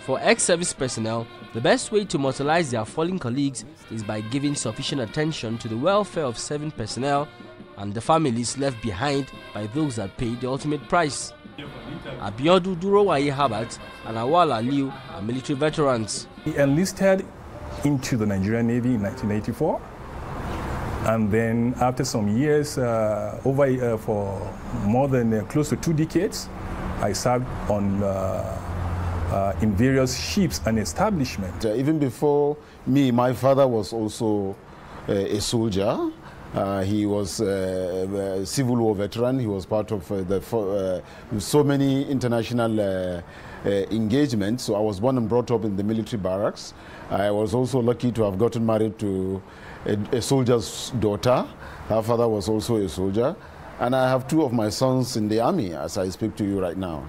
For ex-service personnel, the best way to memorialise their fallen colleagues is by giving sufficient attention to the welfare of serving personnel and the families left behind by those that paid the ultimate price. Abiodu Durowaye Habat and Awala Liu are military veterans. He enlisted into the Nigerian Navy in 1984 and then after some years, uh, over uh, for more than uh, close to two decades, I served on uh, uh, in various ships and establishments. Even before me, my father was also uh, a soldier. Uh, he was uh, a Civil War veteran. He was part of uh, the uh, so many international engagements. So I was born and brought up in the military barracks. I was also lucky to have gotten married to a, a soldier's daughter. Her father was also a soldier. And I have two of my sons in the army as I speak to you right now.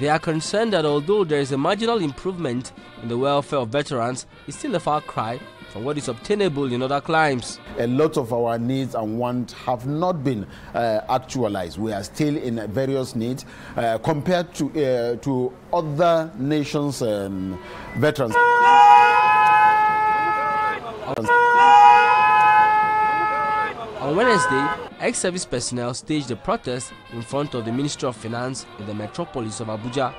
They are concerned that although there is a marginal improvement in the welfare of veterans, it's still a far cry from what is obtainable in other climes. A lot of our needs and wants have not been uh, actualized. We are still in various needs uh, compared to, uh, to other nations' um, veterans. On Wednesday, ex-service personnel staged a protest in front of the Ministry of Finance in the metropolis of Abuja.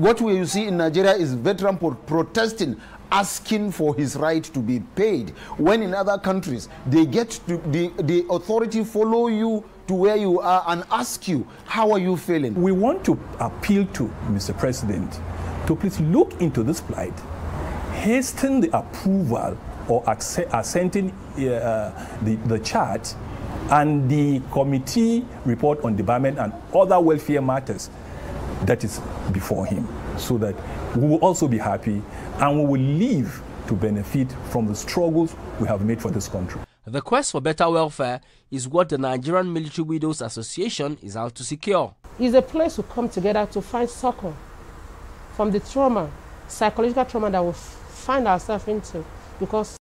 What we see in Nigeria is veteran protesting asking for his right to be paid when in other countries they get to the, the authority follow you to where you are and ask you how are you feeling we want to appeal to mr president to please look into this plight hasten the approval or assenting uh, the, the chart and the committee report on development and other welfare matters that is before him so that we will also be happy and we will live to benefit from the struggles we have made for this country. The quest for better welfare is what the Nigerian Military Widows Association is out to secure. It's a place to come together to find succor from the trauma, psychological trauma that we find ourselves into because